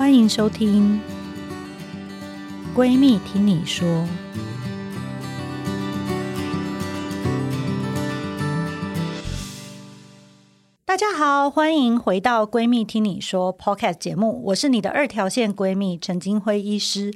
歡迎收聽《閨蜜聽你說》。大家好，歡迎回到《閨蜜聽你說》Podcast 節目，我是你的二條線閨蜜陳菁徽醫師，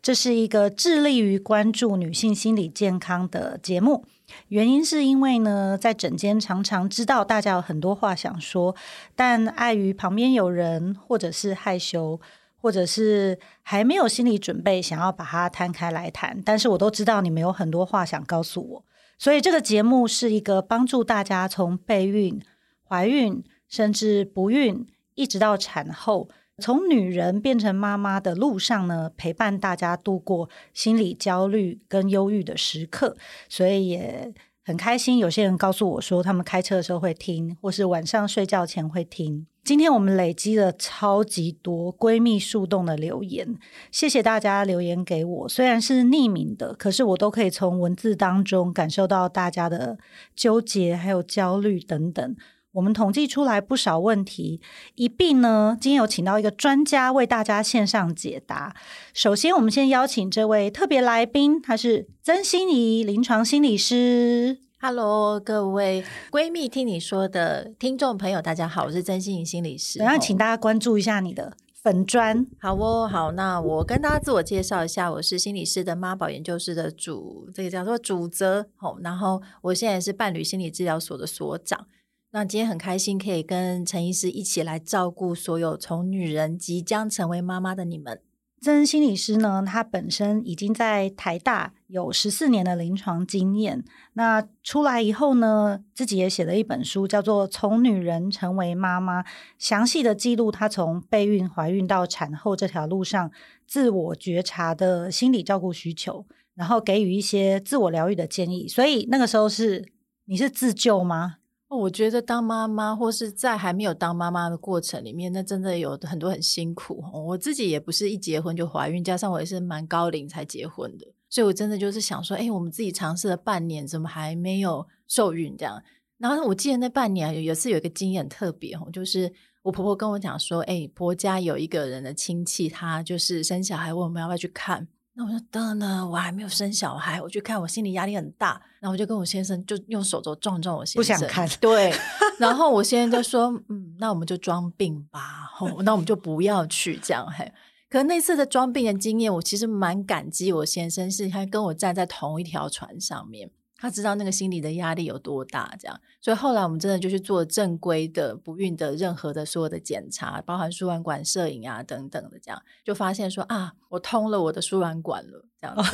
這是一個致力於關注女性心理健康的節目。原因是因為呢，在診間常常知道大家有很多話想說，但礙於旁邊有人，或者是害羞，或者是還沒有心理準備，想要把它攤開來談。但是我都知道你們有很多話想告訴我，所以這個節目是一個幫助大家從備孕、懷孕，甚至不孕，一直到產後。從女人變成媽媽的路上呢，陪伴大家度過心理焦慮跟憂鬱的時刻，所以也很開心。有些人告訴我說，他們開車的時候會聽，或是晚上睡覺前會聽。今天我們累積了超級多閨蜜樹洞的留言，謝謝大家留言給我。雖然是匿名的，可是我都可以從文字當中感受到大家的糾結還有焦慮等等。我們統計出來不少問題，一併呢，今天有請到一個專家為大家線上解答。首先，我們先邀請這位特別來賓，他是曾心怡臨床心理師。Hello，各位閨蜜聽你說的聽眾朋友，大家好，我是曾心怡心理師。然後，請大家關注一下你的粉專。好喔、哦，好，那我跟大家自我介紹一下，我是心理師的媽寶研究室的主，這個叫做主責。然後我現在是伴旅心理治療所的所長。那今天很開心可以跟陳醫師一起來照顧所有從女人即將成為媽媽的你們。曾心理師呢，他本身已經在台大有十四年的臨床經驗。那出來以後呢，自己也寫了一本書，叫做《從女人成為媽媽》，詳細的記錄他從備孕、懷孕到產後這條路上自我覺察的心理照顧需求，然後給予一些自我療癒的建議。所以那個時候是，你是自救嗎？我覺得當媽媽，或是在還沒有當媽媽的過程裡面，那真的有很多很辛苦。我自己也不是一結婚就懷孕，加上我也是蠻高齡才結婚的，所以我真的就是想說，哎、欸，我們自己嘗試了半年，怎麼還沒有受孕這樣？然後我記得那半年，有一次有一個經驗特別，就是我婆婆跟我講說，哎、欸，婆家有一個人的親戚，他就是生小孩，問我們要不要去看。那我說，當然了，我還沒有生小孩，我去看，我心理壓力很大。然後我就跟我先生就用手肘撞撞我先生，不想看。對， 然後我先生就說：“嗯，那我們就裝病吧，吼，那我們就不要去這樣。”嘿，可那次的裝病的經驗，我其實蠻感激我先生，是他跟我站在同一條船上面。他知道那個心理的壓力有多大，這樣，所以後來我們真的就去做正規的不孕的任何的所有的檢查，包含輸卵管攝影啊等等的，這樣就發現說啊，我通了我的輸卵管了，這樣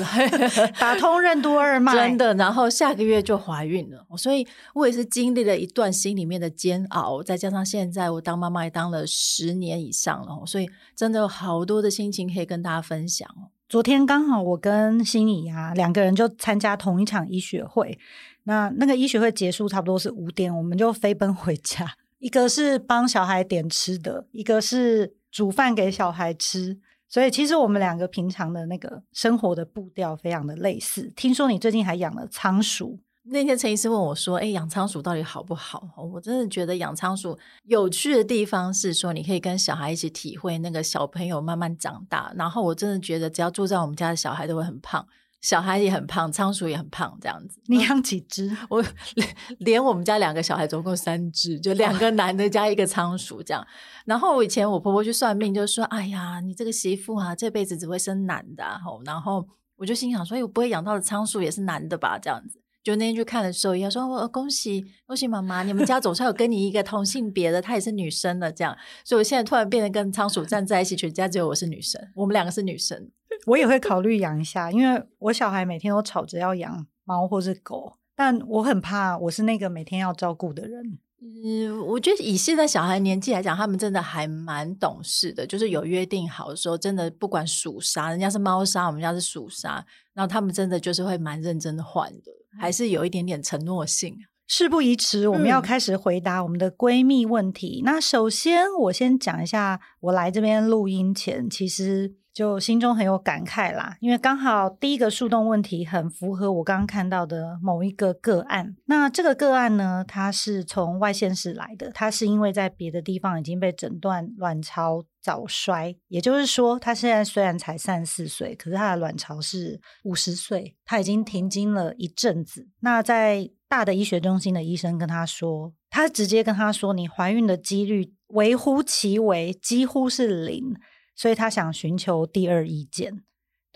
子 打通任督二脈，真的，然後下個月就懷孕了。所以我也是經歷了一段心裡面的煎熬，再加上現在我當媽媽也當了十年以上了，所以真的有好多的心情可以跟大家分享。昨天剛好我跟心怡呀、啊、兩個人就參加同一場醫學會，那那個醫學會結束差不多是五點，我們就飛奔回家，一個是幫小孩點吃的，一個是煮飯給小孩吃，所以其實我們兩個平常的那個生活的步調非常的類似。聽說你最近還養了倉鼠。那天陳醫師問我說：“哎、欸，養倉鼠到底好不好？”我真的覺得養倉鼠有趣的地方是說，你可以跟小孩一起體會那個小朋友慢慢長大。然後我真的覺得，只要住在我們家的小孩都會很胖，小孩也很胖，倉鼠也很胖這樣子。你養幾隻？我連、連我們家兩個小孩總共三隻，就兩個男的加一個倉鼠這樣。然後我以前我婆婆去算命就是說：“哎呀，你這個媳婦啊，這輩子只會生男的、啊。”然後我就心想說：“有、欸、我不會養到的倉鼠也是男的吧？”這樣子。就那天去看的時候也要，也、哦、說恭喜恭喜媽媽，你們家總算有跟你一個同性別的， 她也是女生的這樣。所以我現在突然變得跟倉鼠站在一起，全家只有我是女生，我們兩個是女生。我也會考慮養一下，因為我小孩每天都吵着要養貓或是狗，但我很怕我是那個每天要照顧的人。嗯，我覺得以現在小孩年紀來講，他們真的還蠻懂事的，就是有約定好的時候，真的不管鼠砂，人家是貓砂，我們家是鼠砂,砂，然後他們真的就是會蠻認真的換的。還是有一點點承諾性。事不宜遲，我們要開始回答我們的閨蜜問題。嗯、那首先，我先講一下，我來這邊錄音前，其實就心中很有感慨啦，因為剛好第一個樹洞問題很符合我剛剛看到的某一個個案。那這個個案呢，它是從外縣市來的，它是因為在別的地方已經被診斷卵巢早衰，也就是說，她現在雖然才三十四歲，可是她的卵巢是五十歲，她已經停經了一陣子。那在大的醫學中心的醫生跟她說，他直接跟她說，你懷孕的幾率微乎其微，幾乎是零，所以她想尋求第二意見。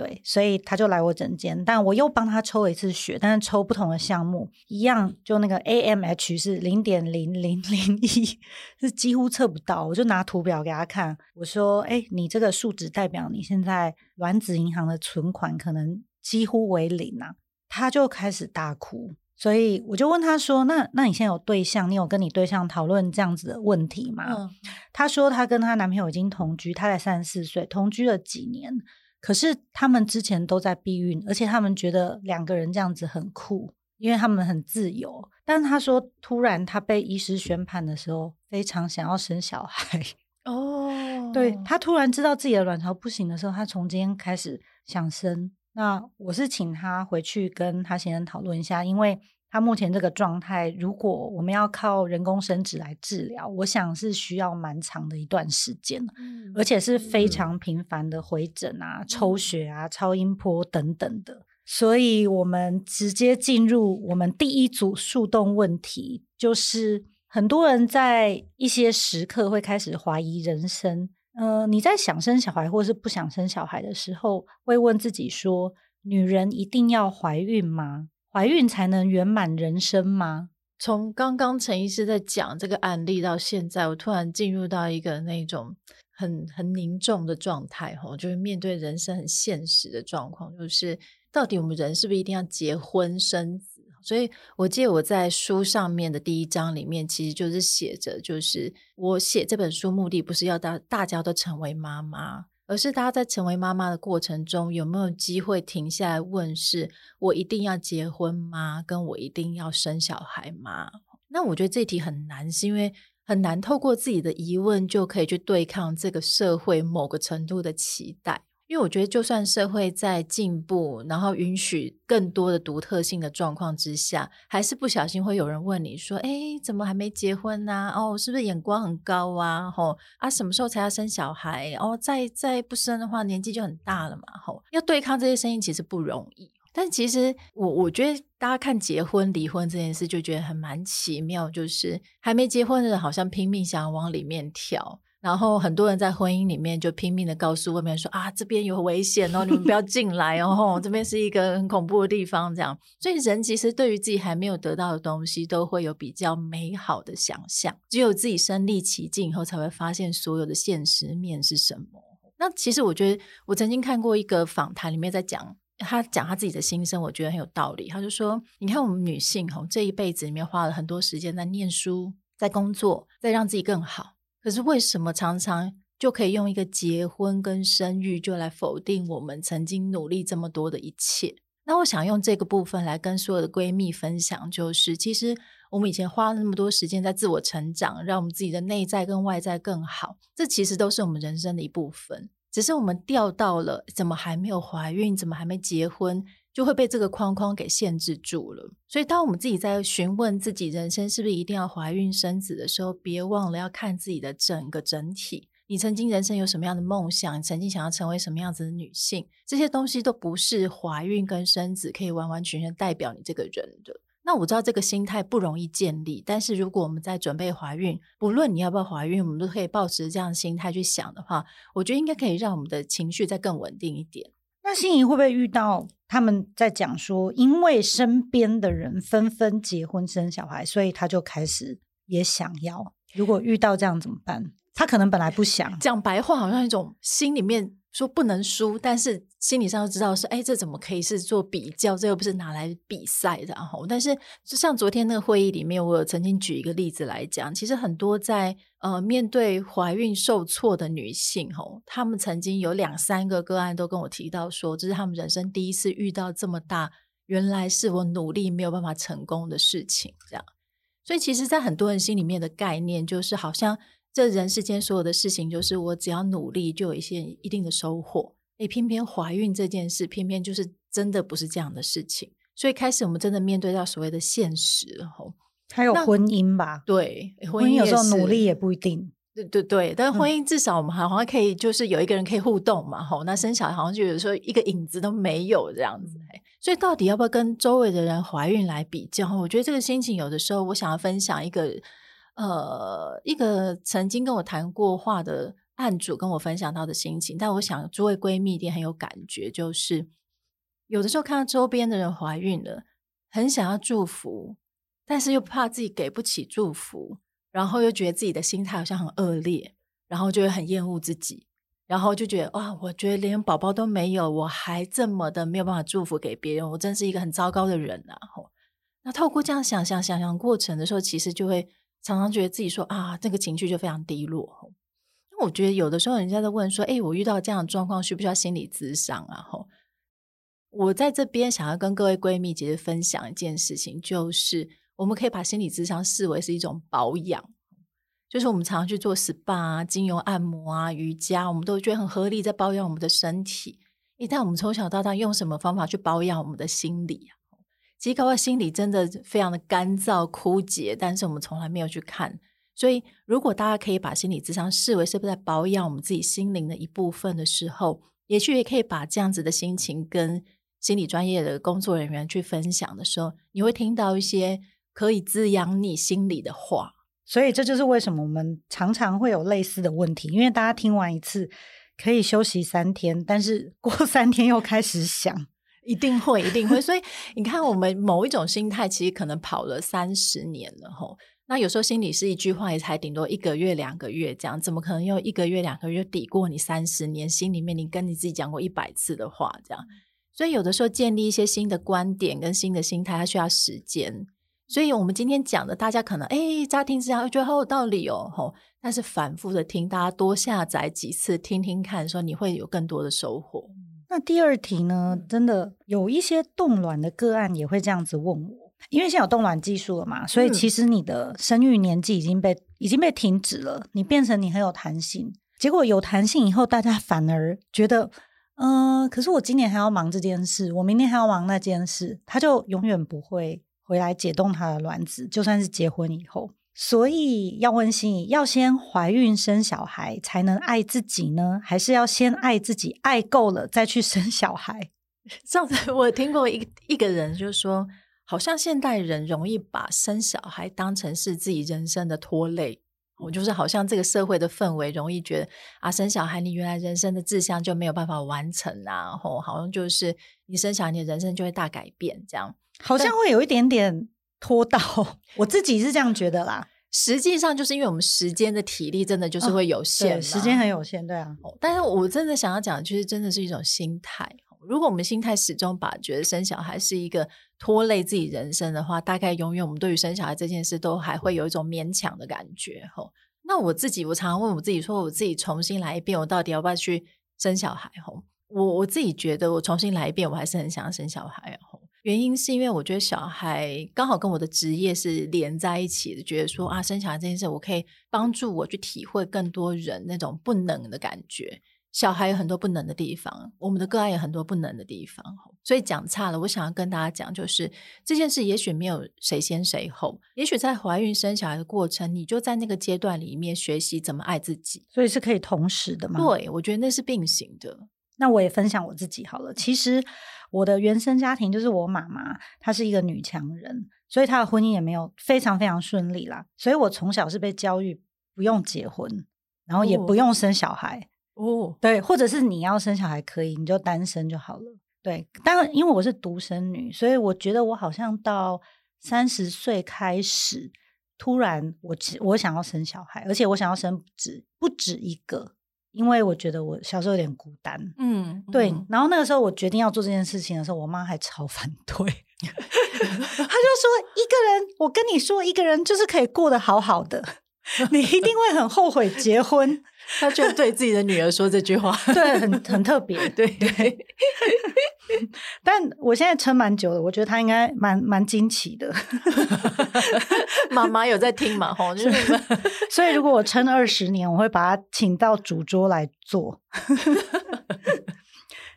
對，所以他就來我診間，但我又幫他抽了一次血，但是抽不同的項目，一樣就那個 AMH 是零點零零零一，是幾乎測不到。我就拿圖表給他看，我說：“哎、欸，你這個數值代表你現在卵子銀行的存款可能幾乎為零啊。”他就開始大哭，所以我就問他說：“那那你現在有對象？你有跟你對象討論這樣子的問題嗎？”嗯、他說：“他跟他男朋友已經同居，他在三十四歲，同居了幾年。”可是他們之前都在避孕，而且他們覺得兩個人這樣子很酷，因為他們很自由。但是他說，突然他被醫師宣判的時候，非常想要生小孩。哦、oh.，對，他突然知道自己的卵巢不行的時候，他從今天開始想生。那我是請他回去跟他先生討論一下，因為，他目前這個狀態，如果我們要靠人工生殖來治療，我想是需要蠻長的一段時間了、嗯、而且是非常頻繁的回診啊、嗯、抽血啊、嗯、超音波等等的。所以我們直接進入我們第一組樹洞問題，就是很多人在一些時刻會開始懷疑人生。呃，你在想生小孩或是不想生小孩的時候，會問自己說：女人一定要懷孕嗎？懷孕才能圓滿人生嗎？從剛剛陳醫師在講這個案例到現在，我突然進入到一個那種很很凝重的狀態，吼，就是面對人生很現實的狀況，就是到底我們人是不是一定要結婚生子？所以我記得我在書上面的第一章裡面，其實就是寫着，就是我寫這本書目的不是要大大家都成為媽媽。而是，大家在成為媽媽的過程中，有沒有機會停下來問是：是我一定要結婚嗎？跟我一定要生小孩嗎？那我覺得這題很難，是因為很難透過自己的疑問就可以去對抗這個社會某個程度的期待。因為我覺得，就算社會在進步，然後允許更多的獨特性的狀況之下，還是不小心會有人問你說：“哎，怎麼還沒結婚呢、啊？哦，是不是眼光很高啊？吼、哦、啊，什麼時候才要生小孩？哦，再再不生的話，年紀就很大了嘛。吼、哦，要對抗這些聲音其實不容易。但其實我我覺得，大家看結婚離婚這件事，就覺得還蠻奇妙。就是還沒結婚的人，好像拼命想要往裡面跳。然後很多人在婚姻裡面就拼命的告訴外面說，啊，這邊有危險哦，你們不要進來哦， 這邊是一個很恐怖的地方這樣。所以人其實對於自己還沒有得到的東西，都會有比較美好的想象。只有自己身歷其境以後，才會發現所有的現實面是什麼。那其實我覺得，我曾經看過一個訪談裡面在講，他講他自己的心聲，我覺得很有道理。他就說，你看我們女性哦，這一輩子裡面花了很多時間在念書，在工作，在讓自己更好。可是為什麼常常就可以用一個結婚跟生育就來否定我們曾經努力這麼多的一切？那我想用這個部分來跟所有的閨蜜分享，就是其實我們以前花了那麼多時間在自我成長，讓我們自己的內在跟外在更好，這其實都是我們人生的一部分。只是我們掉到了，怎麼還沒有懷孕？怎麼還沒結婚？就會被這個框框給限制住了。所以，當我們自己在詢問自己人生是不是一定要懷孕生子的時候，別忘了要看自己的整個整體。你曾經人生有什麼樣的夢想？你曾經想要成為什麼樣子的女性？這些東西都不是懷孕跟生子可以完完全全代表你這個人的。那我知道這個心態不容易建立，但是如果我們在準備懷孕，不論你要不要懷孕，我們都可以抱持這樣的心態去想的話，我覺得應該可以讓我們的情緒再更穩定一點。心怡會不會遇到他們在講說，因為身邊的人紛紛結婚生小孩，所以他就開始也想要。如果遇到這樣怎麼辦？他可能本來不想講白話，好像一種心裡面。說不能輸，但是心理上都知道是哎，這怎麼可以是做比較？這又不是拿來比賽的。但是就像昨天那個會議裡面，我有曾經舉一個例子來講，其實很多在，呃，面對懷孕受挫的女性，她們曾經有兩三個個案都跟我提到說，這，就是他們人生第一次遇到這麼大，原來是我努力沒有辦法成功的事情這樣。所以其實，在很多人心裡面的概念，就是好像。這人世間所有的事情，就是我只要努力，就有一些一定的收穫。哎，偏偏懷孕這件事，偏偏就是真的不是這樣的事情。所以開始我們真的面對到所謂的現實，然後還有婚姻吧？對婚，婚姻有時候努力也不一定。對對對，但婚姻至少我們好像可以，嗯、就是有一個人可以互動嘛。吼，那生小孩好像就有時候一個影子都沒有這樣子。所以到底要不要跟周圍的人懷孕來比較？我覺得這個心情有的時候，我想要分享一個。呃，一個曾經跟我談過話的案主跟我分享到的心情，但我想諸位閨蜜一定很有感覺，就是有的時候看到周邊的人懷孕了，很想要祝福，但是又怕自己給不起祝福，然後又覺得自己的心態好像很惡劣，然後就會很厭惡自己，然後就覺得哇，我覺得連寶寶都沒有，我還這麼的沒有辦法祝福給別人，我真是一個很糟糕的人啊！吼，那透過這樣想想想想過程的時候，其實就會。常常覺得自己說啊，這、那個情緒就非常低落。我覺得有的時候人家在問說，哎、欸，我遇到這樣的狀況，需不需要心理諮商啊？哈，我在這邊想要跟各位閨蜜，其實分享一件事情，就是我們可以把心理諮商視為是一種保養。就是我們常常去做 SPA、精油按摩啊、瑜伽，我們都覺得很合理，在保養我們的身體。一旦我們從小到大用什麼方法去保養我們的心理啊？其實，我們的心理真的非常的乾燥枯竭，但是我們從來沒有去看。所以，如果大家可以把心理諮商視為是不是在保養我們自己心靈的一部分的時候，也許也可以把這樣子的心情跟心理專業的工作人員去分享的時候，你會聽到一些可以滋養你心裡的話。所以，這就是為什麼我們常常會有類似的問題，因為大家聽完一次可以休息三天，但是過三天又開始想。一定會，一定會。 所以你看，我們某一種心態，其實可能跑了三十年了，吼。那有時候心裡是一句話，也才頂多一個月、兩個月這樣，怎麼可能用一個月、兩個月抵過你三十年心裡面你跟你自己講過一百次的話？這樣，所以有的時候建立一些新的觀點跟新的心態，它需要時間。所以我們今天講的，大家可能哎，乍聽之下覺得好有道理哦，吼。但是反覆的聽，大家多下載幾次聽聽看，說你會有更多的收穫。那第二題呢？真的有一些凍卵的個案也會這樣子問我，因為現在有凍卵技術了嘛，所以其實你的生育年紀已經被已經被停止了，你變成你很有彈性。結果有彈性以後，大家反而覺得，嗯、呃，可是我今年還要忙這件事，我明年還要忙那件事，他就永遠不會回來解凍他的卵子，就算是結婚以後。所以要問心，要先懷孕生小孩才能愛自己呢，還是要先愛自己，愛夠了再去生小孩？上次我聽過一一個人就是說，好像現代人容易把生小孩當成是自己人生的拖累。我就是好像這個社會的氛圍容易覺得啊，生小孩你原來人生的志向就沒有辦法完成啊，然後好像就是你生小孩你的人生就會大改變，這樣好像會有一點點拖到 我自己是這樣覺得啦，實際上就是因為我們時間的體力真的就是會有限，哦對，時間很有限，對啊。但是我真的想要講的就是，真的是一種心態。如果我們心態始終把覺得生小孩是一個拖累自己人生的話，大概永遠我們對於生小孩這件事都還會有一種勉強的感覺。吼，那我自己，我常常問我自己說，我自己重新來一遍，我到底要不要去生小孩？吼，我我自己覺得，我重新來一遍，我還是很想要生小孩。原因是因為我覺得小孩剛好跟我的職業是連在一起的，覺得說啊，生小孩這件事，我可以幫助我去體會更多人那種不能的感覺。小孩有很多不能的地方，我們的個案有很多不能的地方，所以講岔了。我想要跟大家講，就是這件事也許沒有誰先誰後，也許在懷孕生小孩的過程，你就在那個階段裡面學習怎麼愛自己，所以是可以同時的嗎？對，我覺得那是並行的。那我也分享我自己好了。其實我的原生家庭就是我媽媽，她是一個女強人，所以她的婚姻也沒有非常非常順利啦。所以我從小是被教育不用結婚，然後也不用生小孩哦。對，或者是你要生小孩可以，你就單身就好了。對，當然因為我是獨生女，所以我覺得我好像到三十歲開始，突然我我想要生小孩，而且我想要生不止，不止一個。因為我覺得我小時候有點孤單，嗯，對嗯。然後那個時候我決定要做這件事情的時候，我媽還超反對， 她就說：“一個人，我跟你說，一個人就是可以過得好好的。”你一定會很後悔結婚， 他就對自己的女兒說這句話， 對，很很特別，對 但我現在撐蠻久的，我覺得他應該蠻蠻驚奇的。媽 媽 有在聽嘛？ 所以，如果我撐二十年，我會把他請到主桌來坐。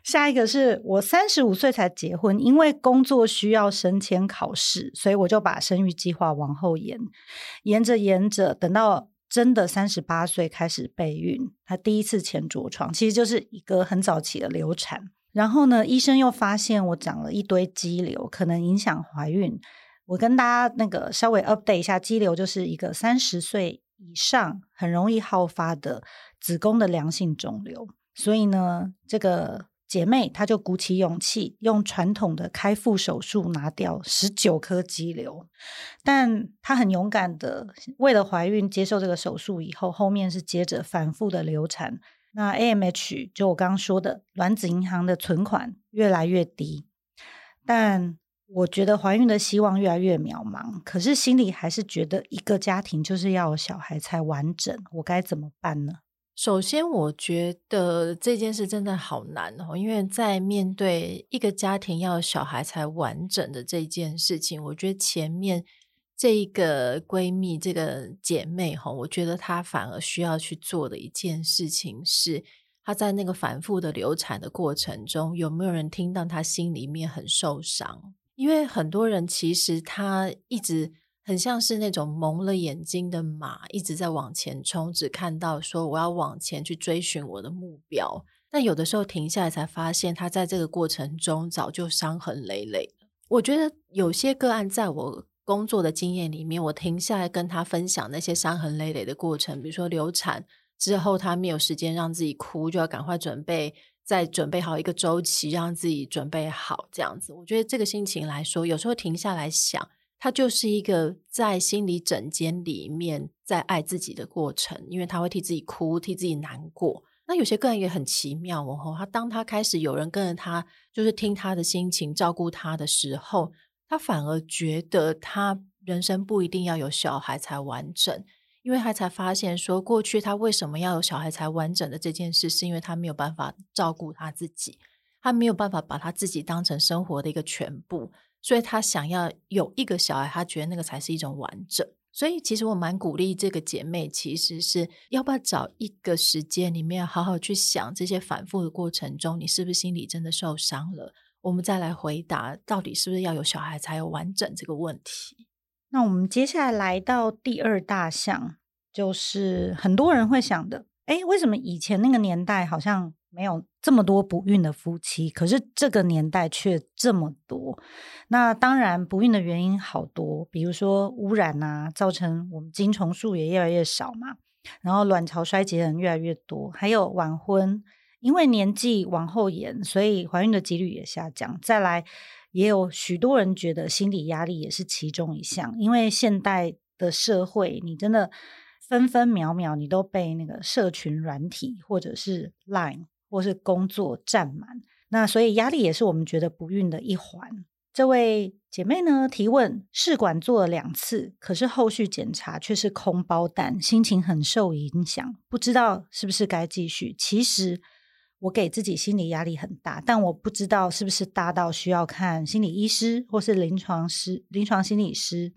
下一個是我三十五歲才結婚，因為工作需要升遷考試，所以我就把生育計劃往後延，延着延着，等到真的三十八歲開始備孕。他第一次前着床，其實就是一個很早期的流產。然後呢，醫生又發現我長了一堆肌瘤，可能影響懷孕。我跟大家那個稍微 update 一下，肌瘤就是一個三十歲以上很容易好發的子宮的良性腫瘤。所以呢，這個。姐妹，她就鼓起勇氣，用傳統的開腹手術拿掉十九顆肌瘤，但她很勇敢的為了懷孕接受這個手術以後，後面是接着反覆的流產。那 AMH 就我剛剛說的卵子銀行的存款越來越低，但我覺得懷孕的希望越來越渺茫，可是心裡還是覺得一個家庭就是要有小孩才完整，我該怎麼辦呢？首先，我覺得這件事真的好難哦，因為在面對一個家庭要小孩才完整的這件事情，我覺得前面這個閨蜜、這個姐妹，我覺得她反而需要去做的一件事情是，她在那個反覆的流產的過程中，有沒有人聽到她心裡面很受傷？因為很多人其實她一直。很像是那種蒙了眼睛的馬，一直在往前衝，只看到說我要往前去追尋我的目標。但有的時候停下來，才發現他在這個過程中早就傷痕累累。我覺得有些個案，在我工作的經驗裡面，我停下來跟他分享那些傷痕累累的過程，比如說流產之後，他沒有時間讓自己哭，就要趕快準備，再準備好一個周期，讓自己準備好，這樣子。我覺得這個心情來說，有時候停下來想。他就是一個在心理諮商裡面在愛自己的過程，因為他會替自己哭，替自己難過。那有些個人也很奇妙哦，他當他開始有人跟着他，就是聽他的心情，照顧他的時候，他反而覺得他人生不一定要有小孩才完整，因為他才發現說，過去他為什麼要有小孩才完整的這件事，是因為他沒有辦法照顧他自己，他沒有辦法把他自己當成生活的一個全部。所以，他想要有一個小孩，他覺得那個才是一種完整。所以，其實我蠻鼓勵這個姐妹，其實是要不要找一個時間裡面，好好去想這些反覆的過程中，你是不是心裡真的受傷了？我們再來回答，到底是不是要有小孩才有完整這個問題？那我們接下來，來到第二大項，就是很多人會想的，哎，為什麼以前那個年代好像……沒有這麼多不孕的夫妻，可是這個年代卻這麼多。那當然，不孕的原因好多，比如說污染啊，造成我們精蟲數也越來越少嘛。然後，卵巢衰竭的人越來越多，還有晚婚，因為年紀往後延，所以懷孕的幾率也下降。再來，也有許多人覺得心理壓力也是其中一項，因為現代的社會，你真的分分秒秒你都被那個社群軟體或者是 Line。或是工作佔滿，那所以壓力也是我們覺得不孕的一環。這位姐妹呢提問：試管做了兩次，可是後續檢查卻是空包蛋，心情很受影響，不知道是不是該繼續。其實我給自己心理壓力很大，但我不知道是不是大到需要看心理醫師或是臨床師、臨床心理師。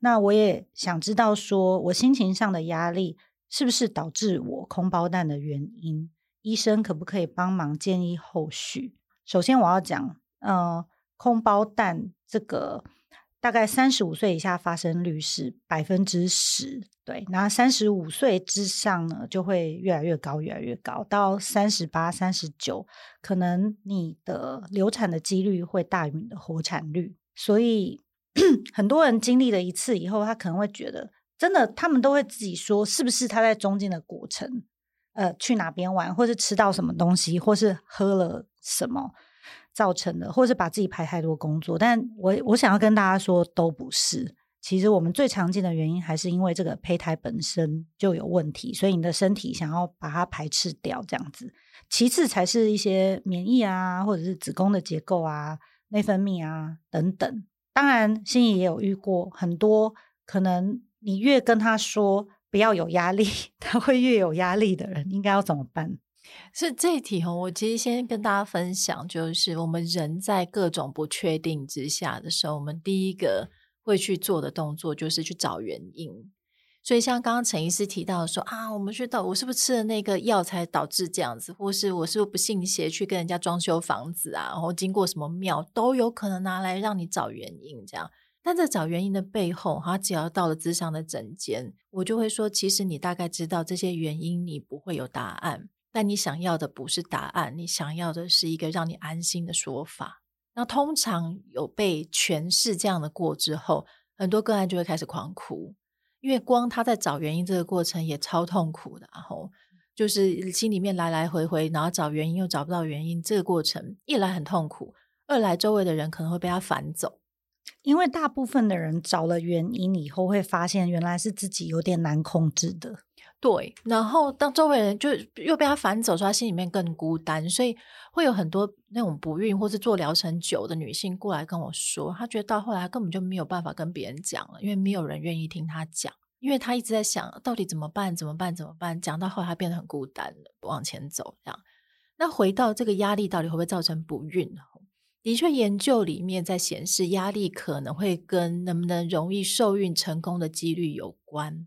那我也想知道，說我心情上的壓力是不是導致我空包蛋的原因？醫生可不可以幫忙建議後續？首先，我要講，呃，空包蛋這個大概三十五歲以下發生率是百分之十，對，那三十五歲之上呢，就會越來越高，越來越高，到三十八、三十九，可能你的流產的幾率會大於你的活產率，所以 很多人經歷了一次以後，他可能會覺得，真的，他們都會自己說，是不是他在中間的過程。呃，去哪邊玩，或是吃到什麼東西，或是喝了什麼造成的，或是把自己排太多工作，但我我想要跟大家說，都不是。其實我們最常見的原因還是因為這個胚胎本身就有問題，所以你的身體想要把它排斥掉，這樣子。其次才是一些免疫啊，或者是子宮的結構啊、內分泌啊等等。當然，心怡也有遇過很多，可能你越跟他說。不要有壓力，他會越有壓力的人應該要怎麼辦？是這一題哦，我其實先跟大家分享，就是我們人在各種不確定之下的時候，我們第一個會去做的動作就是去找原因。所以像剛剛陳醫師提到說啊，我們去到我是不是吃了那個藥才導致這樣子，或是我是不是不信邪去跟人家裝修房子啊，然後經過什麼廟都有可能拿來讓你找原因這樣。但在找原因的背後，他，只要到了諮商的診間，我就會說，其實你大概知道這些原因，你不會有答案。但你想要的不是答案，你想要的是一個讓你安心的說法。那通常有被詮釋這樣的過之後，很多個案就會開始狂哭，因為光他在找原因這個過程也超痛苦的。然後就是心裡面來來回回，然後找原因又找不到原因，這個過程一來很痛苦，二來周圍的人可能會被他煩走。因為大部分的人找了原因以後，會發現原來是自己有點難控制的。對，然後當周圍人就又被他反走，說他心裡面更孤單，所以會有很多那種不孕或是做療程久的女性過來跟我說，她覺得到後來他根本就沒有辦法跟別人講了，因為沒有人願意聽她講，因為她一直在想到底怎麼辦，怎麼辦，怎麼辦，講到後來她變得很孤單了，不往前走這樣。那回到這個壓力，到底會不會造成不孕呢？的確，研究裡面在顯示，壓力可能會跟能不能容易受孕成功的幾率有關。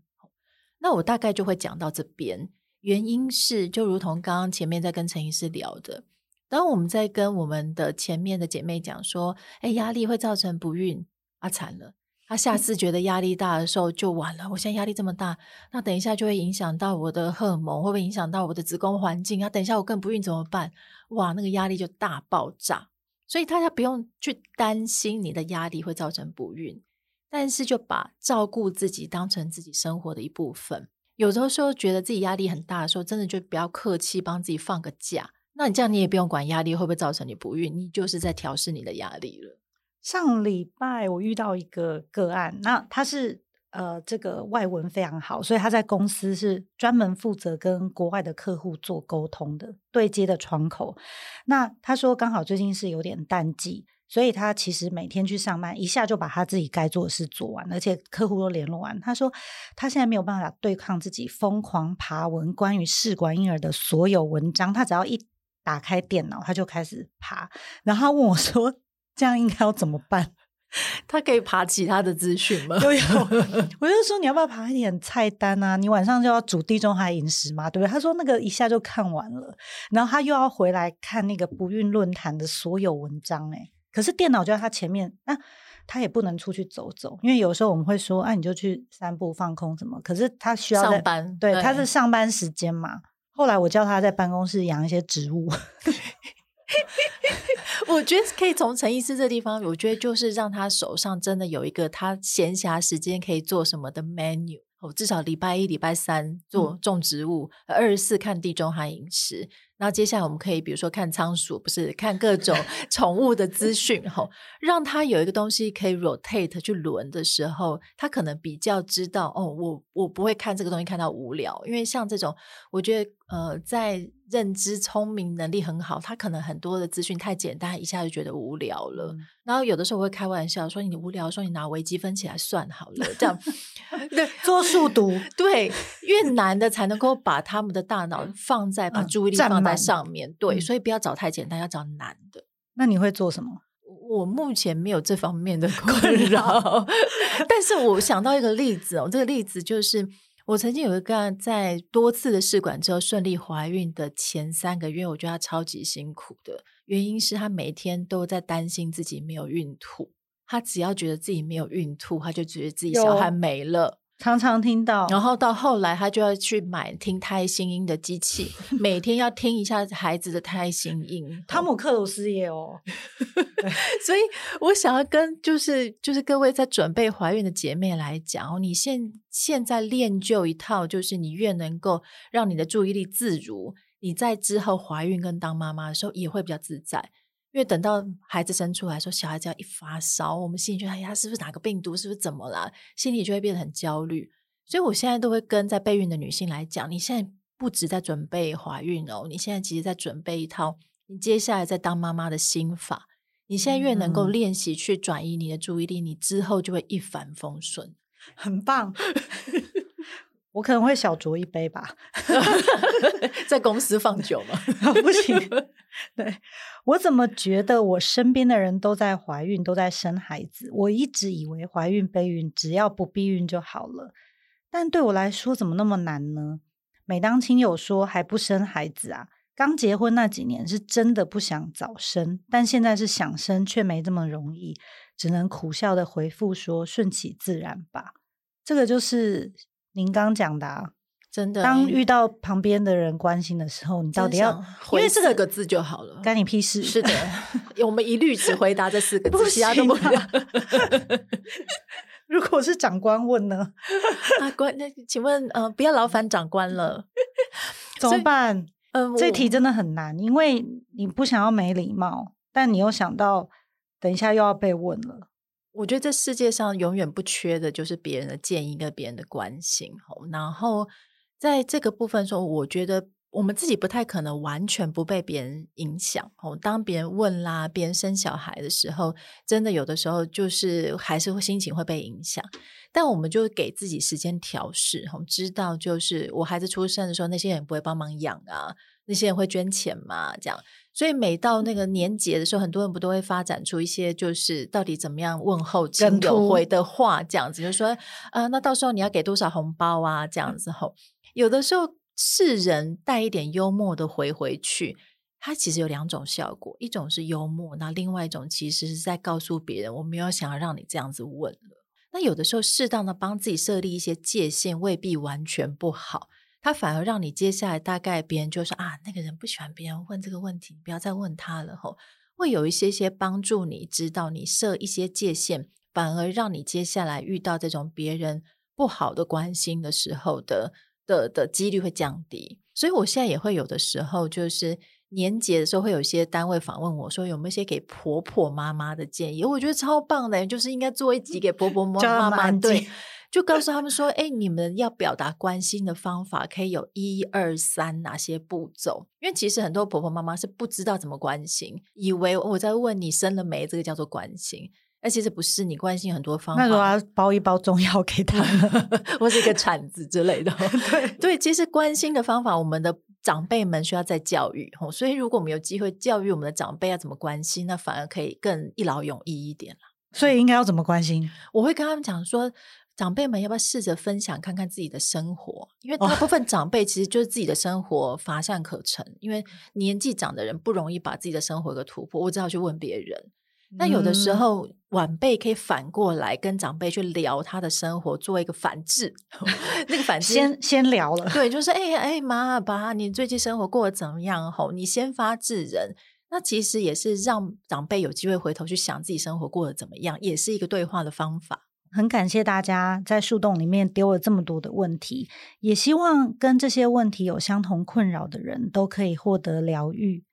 那我大概就會講到這邊，原因是就如同剛剛前面在跟陳醫師聊的，當我們在跟我們的前面的姐妹講說，哎、欸，壓力會造成不孕，啊，慘了，她、啊、下次覺得壓力大的時候就完了。我現在壓力這麼大，那等一下就會影響到我的荷爾蒙，會不會影響到我的子宮環境啊？等一下我更不孕怎麼辦？哇，那個壓力就大爆炸。所以大家不用去擔心你的壓力會造成不孕，但是就把照顧自己當成自己生活的一部分。有的時候覺得自己壓力很大的時候，真的就不要客氣，幫自己放個假。那你這樣，你也不用管壓力會不會造成你不孕，你就是在調適你的壓力了。上禮拜我遇到一個個案，那他是。呃，這個外文非常好，所以他在公司是專門負責跟國外的客戶做溝通的對接的窗口。那他說，剛好最近是有點淡季，所以他其實每天去上班一下就把他自己該做的事做完，而且客戶都聯絡完。他說他現在沒有辦法對抗自己瘋狂爬文關於試管嬰兒的所有文章，他只要一打開電腦，他就開始爬。然後他問我說：“這樣應該要怎麼辦？”他可以爬其他的資訊嗎？有有，我就說，你要不要爬一點菜單啊？你晚上就要煮地中海飲食嘛，對不對？他說那個一下就看完了，然後他又要回來看那個不孕論壇的所有文章、欸，誒，可是電腦就在他前面，那、啊、他也不能出去走走，因為有時候我們會說，哎、啊，你就去散步放空什麼，可是他需要上班對，對，他是上班時間嘛。後來我叫他在辦公室養一些植物。 我覺得可以從陳義斯這個地方，我覺得就是讓他手上真的有一個他閒暇時間可以做什麼的 menu 至少禮拜一、禮拜三做種植物，二十四看地中海飲食，然後接下來我們可以比如說看倉鼠，不是看各種寵物的資訊吼， 讓他有一個東西可以 rotate 去輪的時候，他可能比較知道哦，我我不會看這個東西看到無聊，因為像這種我覺得呃在。認知聰明能力很好，他可能很多的資訊太簡單，一下就覺得無聊了。嗯、然後有的時候會開玩笑說：“你無聊，說你拿微積分起來算好了。 ”這樣 做數獨 對，做數獨，對，越難的才能夠把他們的大腦放在、嗯、把注意力放在上面。對、嗯，所以不要找太簡單，要找難的。那你會做什麼？我目前沒有這方面的困擾， 但是我想到一個例子哦， 這個例子就是。我曾經有一個在多次的試管之後順利懷孕的前三個月，我覺得她超級辛苦的，原因是她每天都在擔心自己沒有孕吐，她只要覺得自己沒有孕吐，她就覺得自己小孩沒了。常常聽到，然後到後來，他就要去買聽胎心音的機器。 每天要聽一下孩子的胎心音、 哦。湯姆克魯斯也哦， 所以我想要跟就是就是各位在準備懷孕的姐妹來講，你現現在練就一套，就是你越能夠讓你的注意力自如，你在之後懷孕跟當媽媽的時候也會比較自在。因為等到孩子生出來，說小孩只要一發燒，我們心裡就哎呀，是不是哪個病毒，是不是怎麼了？心裡就會變得很焦慮。所以，我現在都會跟在備孕的女性來講，你現在不止在準備懷孕哦，你現在其實在準備一套你接下來在當媽媽的心法。你現在越能夠練習去轉移你的注意力，你之後就會一帆風順，很棒。 我可能會小酌一杯吧 在公司放酒嗎？ Oh, 不行。對。我怎麼覺得我身邊的人都在懷孕，都在生孩子？我一直以為懷孕備孕只要不避孕就好了，但對我來說怎麼那麼難呢？每當親友說還不生孩子啊，剛結婚那幾年是真的不想早生，但現在是想生卻沒這麼容易，只能苦笑的回復說順其自然吧。這個就是。您剛講的、啊，真的，當遇到旁邊的人關心的時候，你到底要，回這四個字就好了，關你屁事。是的， 我們一律只回答這四個字啊！ 不行啦， 如果我是長官問呢？啊，官，那請問，呃，不要勞煩長官了，怎麼辦？呃，這題真的很難，因為你不想要沒禮貌，但你又想到等一下又要被問了。我覺得這世界上永遠不缺的就是別人的建議跟別人的關心，然後在這個部分說，我覺得我們自己不太可能完全不被別人影響，當別人問啦，別人生小孩的時候，真的有的時候就是還是會心情會被影響。但我們就給自己時間調試，知道就是我孩子出生的時候，那些人不會幫忙養啊，那些人會捐錢嘛？這樣。所以每到那個年節的時候，很多人不都會發展出一些，就是到底怎麼樣問候親友回的話，這樣子就是、說呃，那到時候你要給多少紅包啊？這樣子吼、嗯，有的時候是人帶一點幽默的回回去，它其實有兩種效果，一種是幽默，那另外一種其實是在告訴別人我沒有想要讓你這樣子問了。那有的時候適當的幫自己設立一些界限，未必完全不好。他反而讓你接下來大概別人就說，啊，那個人不喜歡別人問這個問題，不要再問他了吼。會有一些些幫助，你知道，你設一些界限，反而讓你接下來遇到這種別人不好的關心的時候的的的、的幾率會降低。所以我現在也會有的時候，就是年節的時候會有一些單位訪問我說有沒有一些給婆婆媽媽的建議，我覺得超棒的，就是應該做一集給婆婆媽媽、媽、 媽、媽對。就告訴他們說：“哎，你們要表達關心的方法可以有一二三，哪些步驟？因為其實很多婆婆媽媽是不知道怎麼關心，以為我在問你生了沒，這個叫做關心，那其實不是。你關心很多方法，那如果要包一包中藥給他，或 是一個鏟子之類的。 對，對，其實關心的方法，我們的長輩們需要再教育，嗯。所以如果我們有機會教育我們的長輩要怎麼關心，那反而可以更一勞永逸一點。所以應該要怎麼關心？我會跟他們講說。”長輩們要不要試着分享看看自己的生活？因為大部分長輩其實就是自己的生活乏善可陳。哦，因為年紀長的人不容易把自己的生活給突破，我只好去問別人。那有的時候、嗯、晚輩可以反過來跟長輩去聊他的生活，做一個反制。 那個反制先先聊了，對，就是哎哎、欸欸，媽爸，你最近生活過得怎麼樣？吼，你先發制人，那其實也是讓長輩有機會回頭去想自己生活過得怎麼樣，也是一個對話的方法。很感謝大家在樹洞裡面丟了這麼多的問題，也希望跟這些問題有相同困擾的人都可以獲得療癒。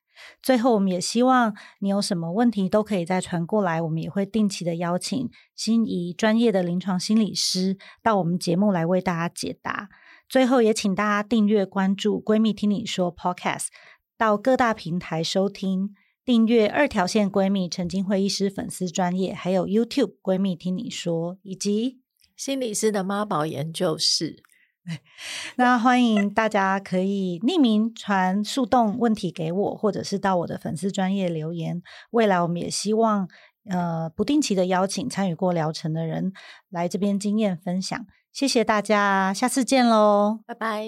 最後，我們也希望你有什麼問題都可以再傳過來，我們也會定期的邀請心怡專業的臨床心理師到我們節目來為大家解答。最後，也請大家訂閱關注“閨蜜聽你說 ”Podcast，到各大平台收聽。訂閱二條線閨蜜、陳菁徽醫師粉絲專頁，還有 YouTube 閨蜜聽你說，以及心理師的媽寶研究室。那歡迎大家可以匿名傳樹洞問題給我，或者是到我的粉絲專頁留言。未來我們也希望呃不定期的邀請參與過療程的人來這邊經驗分享。謝謝大家，下次見嘍，拜拜。